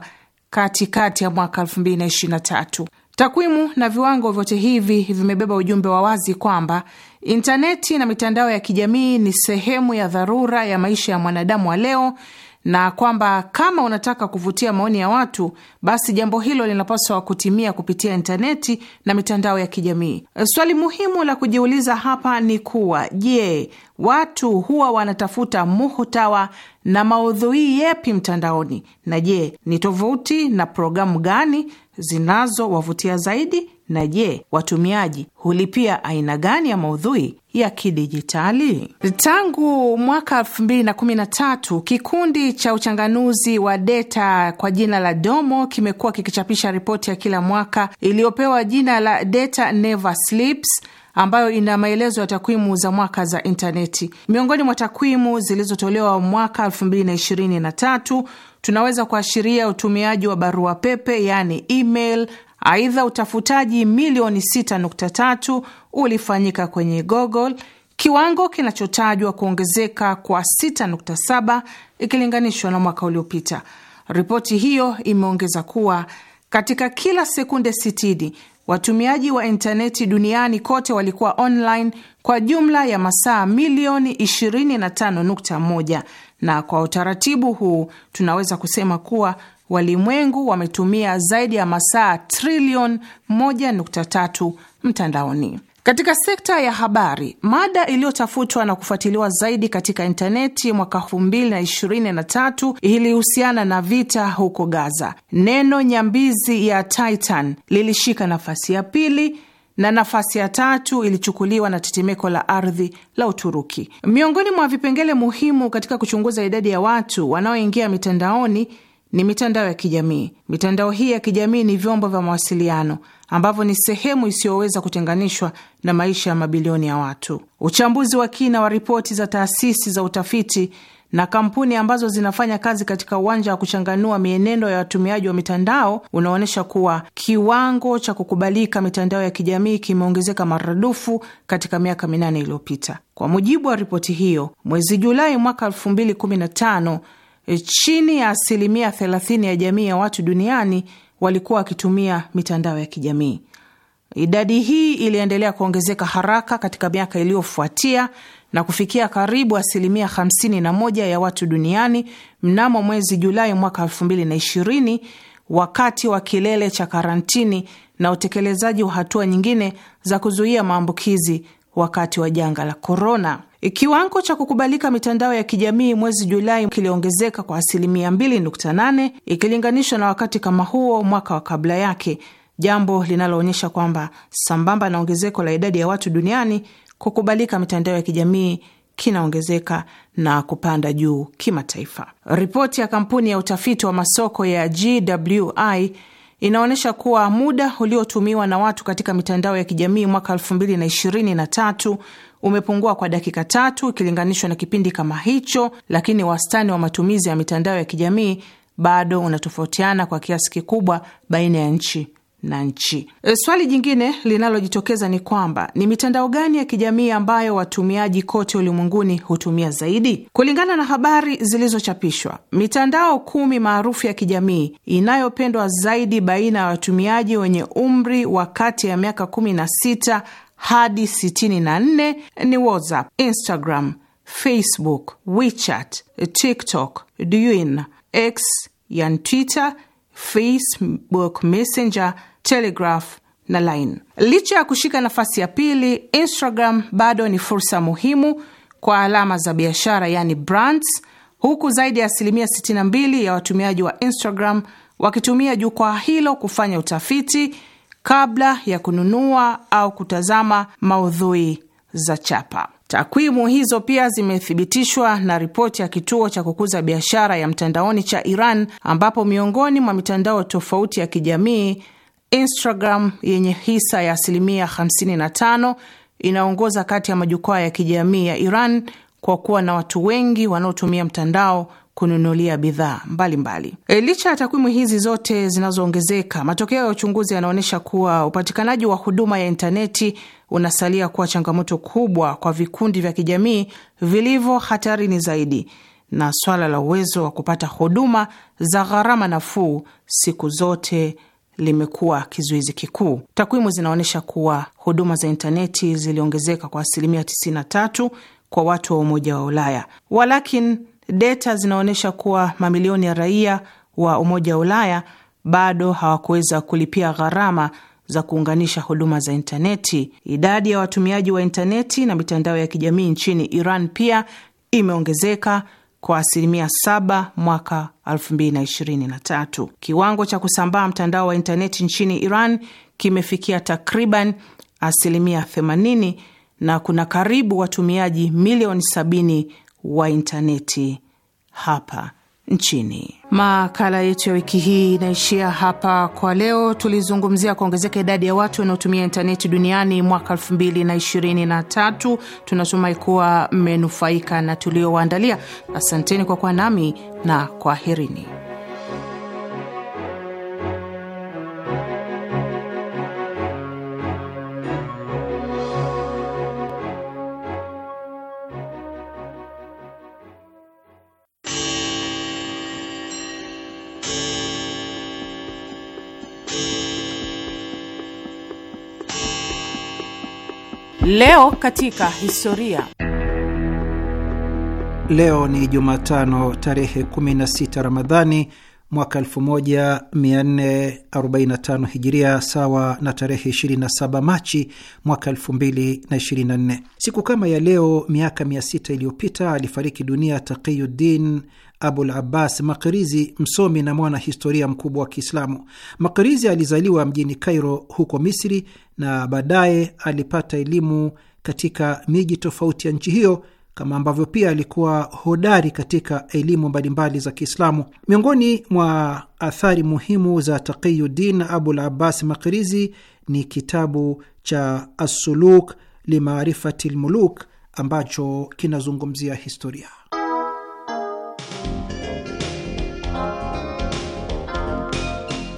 katikati ya mwaka 2023. Takwimu na viwango vyote hivi vimebeba ujumbe wa wazi kwamba intaneti na mitandao ya kijamii ni sehemu ya dharura ya maisha ya mwanadamu wa leo na kwamba kama unataka kuvutia maoni ya watu, basi jambo hilo linapaswa kutimia kupitia intaneti na mitandao ya kijamii. Swali muhimu la kujiuliza hapa ni kuwa, je, watu huwa wanatafuta muhutawa na maudhui yepi mtandaoni? Na je, ni tovuti na programu gani zinazowavutia zaidi? na je, watumiaji hulipia aina gani ya maudhui ya kidijitali? Tangu mwaka tatu, kikundi cha uchanganuzi wa data kwa jina la Domo kimekuwa kikichapisha ripoti ya kila mwaka iliyopewa jina la Data Never Sleeps ambayo ina maelezo ya takwimu za mwaka za intaneti. Miongoni mwa takwimu zilizotolewa mwaka 2023 tunaweza kuashiria utumiaji wa barua pepe, yani email, Aidha, utafutaji milioni 6.3 ulifanyika kwenye Google, kiwango kinachotajwa kuongezeka kwa 6.7 ikilinganishwa na mwaka uliopita. Ripoti hiyo imeongeza kuwa katika kila sekunde 60 watumiaji wa intaneti duniani kote walikuwa online kwa jumla ya masaa milioni 25.1, na kwa utaratibu huu tunaweza kusema kuwa walimwengu wametumia zaidi ya masaa trilioni 1.3 mtandaoni. Katika sekta ya habari, mada iliyotafutwa na kufuatiliwa zaidi katika intaneti mwaka 2023 ilihusiana na vita huko Gaza. Neno nyambizi ya Titan lilishika nafasi ya pili na nafasi ya tatu ilichukuliwa na tetemeko la ardhi la Uturuki. Miongoni mwa vipengele muhimu katika kuchunguza idadi ya watu wanaoingia mitandaoni ni mitandao ya kijamii. Mitandao hii ya kijamii ni vyombo vya mawasiliano ambavyo ni sehemu isiyoweza kutenganishwa na maisha ya mabilioni ya watu. Uchambuzi wa kina wa ripoti za taasisi za utafiti na kampuni ambazo zinafanya kazi katika uwanja wa kuchanganua mienendo ya watumiaji wa mitandao unaonyesha kuwa kiwango cha kukubalika mitandao ya kijamii kimeongezeka maradufu katika miaka minane iliyopita. Kwa mujibu wa ripoti hiyo, mwezi Julai mwaka 2015 E, chini ya asilimia 30 ya jamii ya watu duniani walikuwa wakitumia mitandao ya kijamii. Idadi hii iliendelea kuongezeka haraka katika miaka iliyofuatia na kufikia karibu asilimia 51 ya watu duniani mnamo mwezi Julai mwaka 2020 wakati wa kilele cha karantini na utekelezaji wa hatua nyingine za kuzuia maambukizi wakati wa janga la korona. E, kiwango cha kukubalika mitandao ya kijamii mwezi Julai kiliongezeka kwa asilimia 2.8 ikilinganishwa na wakati kama huo mwaka wa kabla yake, jambo linaloonyesha kwamba sambamba na ongezeko la idadi ya watu duniani, kukubalika mitandao ya kijamii kinaongezeka na kupanda juu kimataifa. Ripoti ya kampuni ya utafiti wa masoko ya GWI inaonyesha kuwa muda uliotumiwa na watu katika mitandao ya kijamii mwaka 2023 umepungua kwa dakika tatu ikilinganishwa na kipindi kama hicho, lakini wastani wa matumizi ya mitandao ya kijamii bado unatofautiana kwa kiasi kikubwa baina ya nchi na nchi. E, swali jingine linalojitokeza ni kwamba ni mitandao gani ya kijamii ambayo watumiaji kote ulimwenguni hutumia zaidi? Kulingana na habari zilizochapishwa, mitandao kumi maarufu ya kijamii inayopendwa zaidi baina ya watumiaji wenye umri wa kati ya miaka 16 hadi 64 ni WhatsApp, Instagram, Facebook, WeChat, TikTok, Duin, X yan Twitter, Facebook Messenger, Telegraph na Line. Licha ya kushika nafasi ya pili, Instagram bado ni fursa muhimu kwa alama za biashara yani brands, huku zaidi ya asilimia 62 ya watumiaji wa Instagram wakitumia jukwaa hilo kufanya utafiti kabla ya kununua au kutazama maudhui za chapa. Takwimu hizo pia zimethibitishwa na ripoti ya kituo cha kukuza biashara ya mtandaoni cha Iran, ambapo miongoni mwa mitandao tofauti ya kijamii Instagram yenye hisa ya asilimia 55 inaongoza kati ya majukwaa ya kijamii ya Iran kwa kuwa na watu wengi wanaotumia mtandao kununulia bidhaa mbalimbali. E, licha ya takwimu hizi zote zinazoongezeka, matokeo ya uchunguzi yanaonyesha kuwa upatikanaji wa huduma ya intaneti unasalia kuwa changamoto kubwa kwa vikundi vya kijamii vilivyo hatarini zaidi, na swala la uwezo wa kupata huduma za gharama nafuu siku zote limekuwa kizuizi kikuu. Takwimu zinaonyesha kuwa huduma za intaneti ziliongezeka kwa asilimia 93 kwa watu wa Umoja wa Ulaya, walakin Data zinaonyesha kuwa mamilioni ya raia wa Umoja wa Ulaya bado hawakuweza kulipia gharama za kuunganisha huduma za intaneti. Idadi ya watumiaji wa intaneti na mitandao ya kijamii nchini Iran pia imeongezeka kwa asilimia 7 mwaka 2023. Kiwango cha kusambaa mtandao wa intaneti nchini Iran kimefikia takriban asilimia 80 na kuna karibu watumiaji milioni 70 wa intaneti hapa nchini. Makala yetu ya wiki hii inaishia hapa kwa leo. Tulizungumzia kuongezeka idadi ya watu wanaotumia intaneti duniani mwaka tatu. Tunatumai kuwa mmenufaika na tuliowaandalia. Asanteni kwa kuwa nami na kwaherini. Leo katika historia. Leo ni Jumatano tarehe 16 Ramadhani mwaka 1445 hijiria sawa na tarehe 27 Machi mwaka 2024. Siku kama ya leo miaka 600 iliyopita alifariki dunia Taqiyuddin Abul Abbas Makrizi, msomi na mwana historia mkubwa wa Kiislamu. Makrizi alizaliwa mjini Kairo huko Misri na baadaye alipata elimu katika miji tofauti ya nchi hiyo kama ambavyo pia alikuwa hodari katika elimu mbalimbali za Kiislamu. Miongoni mwa athari muhimu za Taqiyuddin Abul Abbas Makrizi ni kitabu cha Assuluk Limaarifati Lmuluk ambacho kinazungumzia historia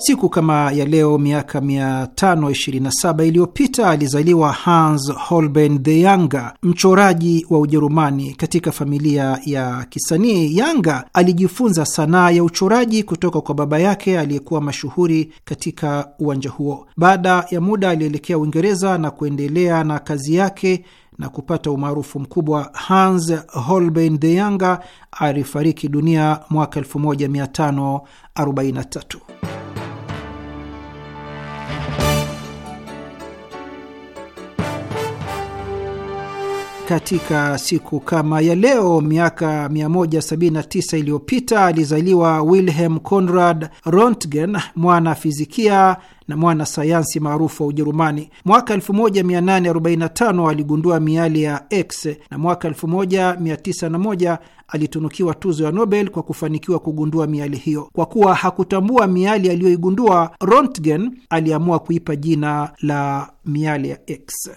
Siku kama ya leo miaka 527 iliyopita alizaliwa Hans Holbein the Younger, mchoraji wa Ujerumani. Katika familia ya kisanii, Yanga alijifunza sanaa ya uchoraji kutoka kwa baba yake aliyekuwa mashuhuri katika uwanja huo. Baada ya muda, alielekea Uingereza na kuendelea na kazi yake na kupata umaarufu mkubwa. Hans Holbein the Younger alifariki dunia mwaka 1543. katika siku kama ya leo miaka 179 iliyopita alizaliwa Wilhelm Conrad Rontgen, mwana fizikia na mwana sayansi maarufu wa Ujerumani. Mwaka 1845 aligundua miali ya X na mwaka 1901 alitunukiwa tuzo ya Nobel kwa kufanikiwa kugundua miali hiyo. Kwa kuwa hakutambua miali aliyoigundua, Rontgen aliamua kuipa jina la miali ya X.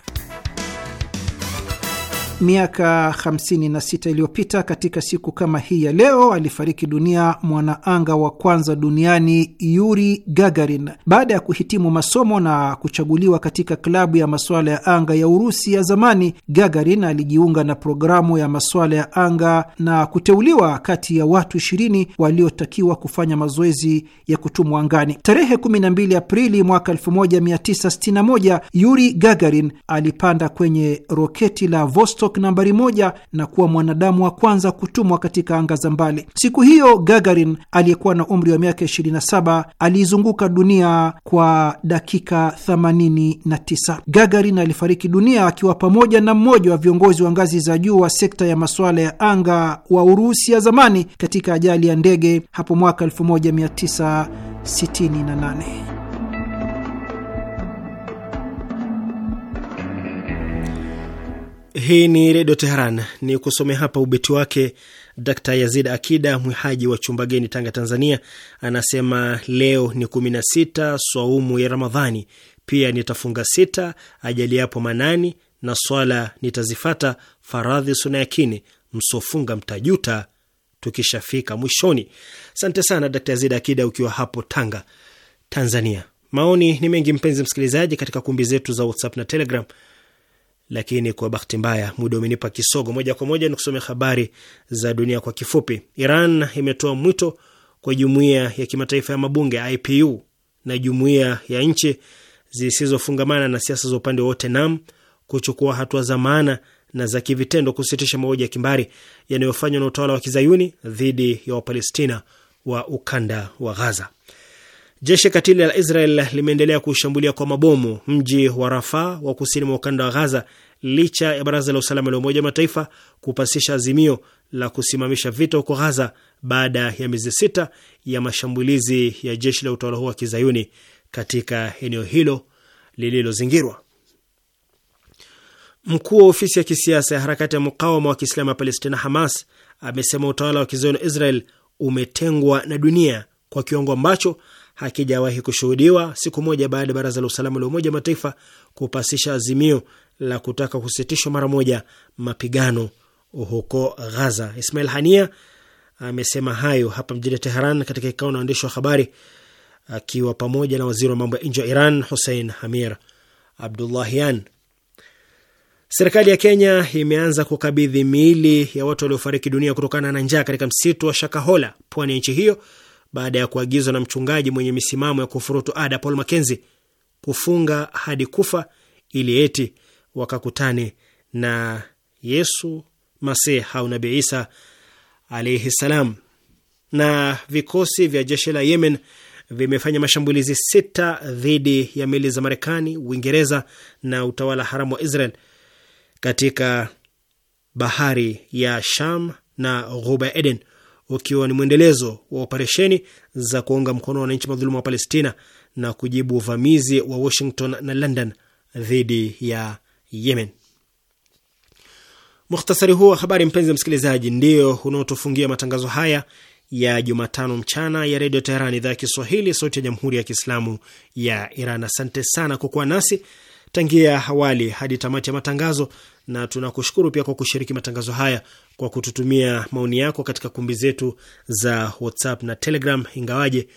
Miaka 56 iliyopita katika siku kama hii ya leo alifariki dunia mwanaanga wa kwanza duniani Yuri Gagarin baada ya kuhitimu masomo na kuchaguliwa katika klabu ya masuala ya anga ya Urusi ya zamani. Gagarin alijiunga na programu ya masuala ya anga na kuteuliwa kati ya watu 20 waliotakiwa kufanya mazoezi ya kutumwa angani. Tarehe 12 Aprili mwaka 1961 Yuri Gagarin alipanda kwenye roketi la Vostok Vostok nambari moja na kuwa mwanadamu wa kwanza kutumwa katika anga za mbali. Siku hiyo Gagarin aliyekuwa na umri wa miaka 27 aliizunguka dunia kwa dakika 89. Gagarin alifariki dunia akiwa pamoja na mmoja wa viongozi wa ngazi za juu wa sekta ya masuala ya anga wa Urusi ya zamani katika ajali ya ndege hapo mwaka 1968. Hii ni Redio Teheran. Ni kusomea hapa ubeti wake. d Yazid Akida Mwihaji wa Chumbageni, Tanga, Tanzania, anasema leo ni kumi na sita swaumu ya Ramadhani, pia nitafunga sita ajali yapo manani, na swala nitazifata faradhi suna yakini, msofunga mtajuta tukishafika mwishoni. Asante sana Dr Yazid Akida ukiwa hapo Tanga, Tanzania. Maoni ni mengi mpenzi msikilizaji, katika kumbi zetu za WhatsApp na Telegram lakini kwa bahati mbaya muda umenipa kisogo. Moja kwa moja ni kusomea habari za dunia kwa kifupi. Iran imetoa mwito kwa jumuiya ya kimataifa ya mabunge IPU na jumuiya ya nchi zisizofungamana na siasa za upande wote NAM kuchukua hatua za maana na za kivitendo kusitisha mauaji ya kimbari yanayofanywa na utawala wa kizayuni dhidi ya Wapalestina wa ukanda wa Ghaza. Jeshi katili la Israel limeendelea kushambulia kwa mabomu mji wa Rafa wa kusini mwa ukanda wa Ghaza licha ya baraza la usalama la Umoja wa Mataifa kupasisha azimio la kusimamisha vita huko Ghaza baada ya miezi sita ya mashambulizi ya jeshi la utawala huo wa kizayuni katika eneo hilo lililozingirwa. Mkuu wa ofisi ya kisiasa ya harakati ya mukawama wa kiislamu ya Palestina, Hamas, amesema utawala wa kizayuni Israel umetengwa na dunia kwa kiwango ambacho hakijawahi kushuhudiwa siku moja baada ya baraza la usalama la Umoja Mataifa kupasisha azimio la kutaka kusitishwa mara moja mapigano huko Ghaza. Ismail Hania amesema hayo hapa mjini Teheran katika kikao na waandishi wa habari akiwa pamoja na waziri wa mambo ya nje wa Iran Hussein Hamir Abdullahian. Serikali ya Kenya imeanza kukabidhi miili ya watu waliofariki dunia kutokana na njaa katika msitu wa Shakahola, pwani ya nchi hiyo baada ya kuagizwa na mchungaji mwenye misimamo ya kufurutu ada Paul makenzi kufunga hadi kufa ili eti wakakutane na Yesu Masih au Nabi Isa alaihi salam. Na vikosi vya jeshi la Yemen vimefanya mashambulizi sita dhidi ya meli za Marekani, Uingereza na utawala haramu wa Israel katika bahari ya Sham na ghuba Eden ukiwa ni mwendelezo wa operesheni za kuunga mkono wananchi madhuluma wa Palestina na kujibu uvamizi wa Washington na London dhidi ya Yemen. Mukhtasari huu wa habari, mpenzi msikilizaji, ndio unaotufungia matangazo haya ya Jumatano mchana ya Redio Teheran, idhaa ya Kiswahili, sauti ya Jamhuri ya Kiislamu ya Iran. Asante sana kwa kuwa nasi tangia awali hadi tamati ya matangazo, na tunakushukuru pia kwa kushiriki matangazo haya kwa kututumia maoni yako katika kumbi zetu za WhatsApp na Telegram, ingawaje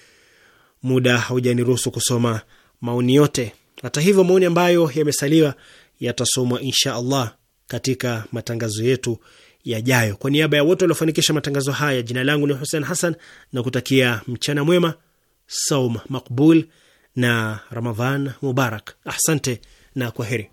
muda haujaniruhusu kusoma maoni yote. Hata hivyo, maoni ambayo yamesaliwa yatasomwa insha Allah katika matangazo yetu yajayo. Kwa niaba ya wote waliofanikisha matangazo haya, jina langu ni Hussein Hassan na kutakia mchana mwema, saum makbul na Ramadhan mubarak. Asante na kwaheri.